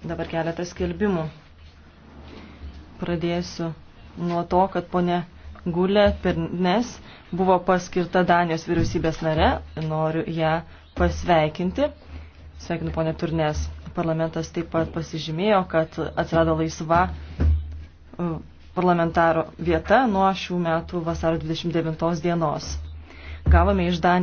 Dabar keletas skelbimų. Pradėsiu nuo to, kad ponė Gulė Pernes buvo paskirta Danijos vyriausybės nare. Noriu ją pasveikinti. Sveikinu ponė Turnes. Parlamentas taip pat pasižymėjo, kad atsirado laisva e, parlamentaro vieta nuo šių metų vasaro 29 dienos. Gavome iš Danijos.